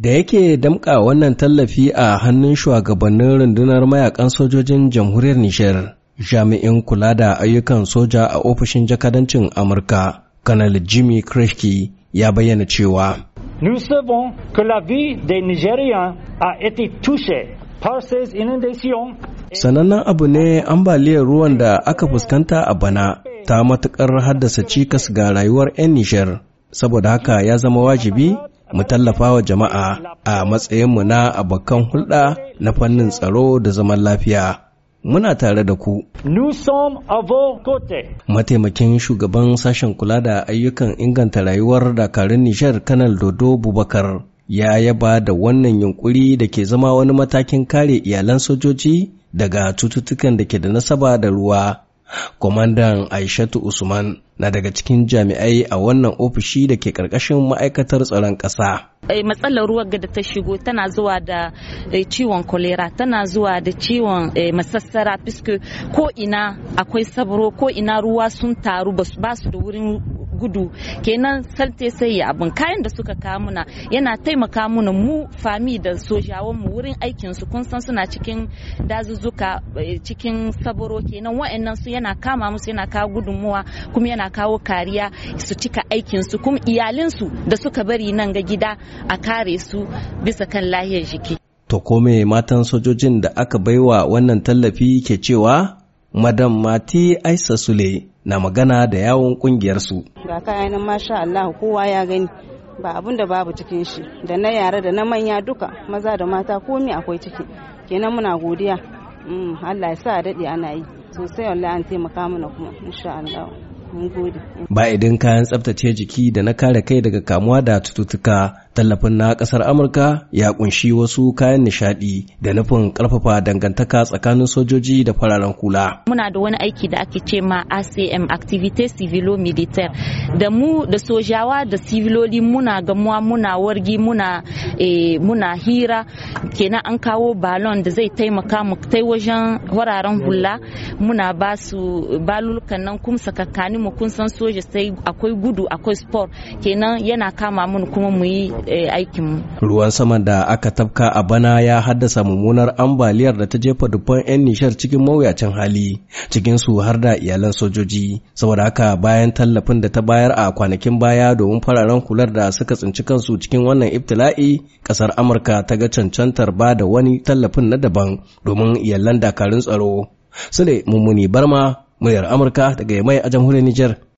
da yake damƙa wannan tallafi a hannun shugabannin rundunar mayakan sojojin jamhuriyar Nijar, jami'in kula da ayyukan soja a ofishin jakadancin Amurka, Kanal Jimmy Kreshki ya bayyana cewa. Nous savons que la a été touchée par Sanannen abu ne ambaliyar ruwan da aka fuskanta a bana ta matuƙar haddasa cikas ga rayuwar 'yan Nijar, saboda haka ya zama wajibi mu tallafa wa jama'a a matsayinmu na abokan hulɗa na fannin tsaro da zaman lafiya. muna tare da ku. Mataimakin shugaban sashen kula da ayyukan inganta rayuwar dakarun Nijar Kanal Dodo Bubakar ya yaba da wannan yunkuri da ke zama wani matakin kare iyalan sojoji daga cututtukan da ke da nasaba da ruwa Kwamandan Aishatu Usman na daga cikin jami'ai a wannan ofishi da ke ƙarƙashin ma'aikatar tsaron ƙasa. Eh, matsalar ruwan da ta shigo tana zuwa da eh, ciwon kolera tana zuwa da ciwon eh, masassara fiske ko ina akwai sabro ko ina ruwa sun taru ba su da wurin gudu kenan salte sai ya abin kayan da suka kawo muna yana taimaka muna mu fami da sojawan mu wurin aikin su kun san suna cikin dazuzzuka eh, cikin saboro kenan wa'annan su yana kama musu yana kawo gudunmuwa kuma yana kawo kariya su cika aikin su kuma iyalin su da suka bari nan ga gida a kare su bisa kan lahiyar jiki to kome matan sojojin da aka baiwa wannan tallafi ke cewa Madam Mati Aisa Sule na magana da yawon kungiyarsu. Ga kayan masha Allah kowa ya gani ba abun da babu cikin shi da na yara da na manya duka maza da mata komi akwai ciki kenan muna godiya mm, Allah ya sa daɗe ana yi sosai wallahi an taimaka mana kuma insha Allah. ba idan kayan tsaftace jiki da na kare kai daga kamuwa da cututtuka tallafin na kasar amurka ya kunshi wasu kayan nishadi da nufin karfafa dangantaka tsakanin sojoji da fararen kula muna da wani aiki da ake ce ma acm activité civilo militaire da mu da sojawa da civiloli muna gamuwa muna wargi muna Eh, muna hira kenan an kawo balon da zai taimaka mu tai wajen wararen hula muna ba su balulukan nan kuma sakakkani mu kun san soja sai akwai gudu akwai sport kenan yana kama mun kuma mu yi eh, aikin ruwan sama da aka tafka a bana ya haddasa mummunar ambaliyar da ta jefa dubban 'yan nishar cikin mawuyacin hali cikin su har da iyalan sojoji saboda haka bayan tallafin da ta bayar a kwanakin baya domin fararen kular da suka tsinci kansu cikin wannan ibtila'i kasar Amurka ta ga cancantar ba da wani tallafin na daban domin iyalan dakarun tsaro. Sule Mummuni Barma, muryar Amurka daga mai a jamhuriyar Nijar.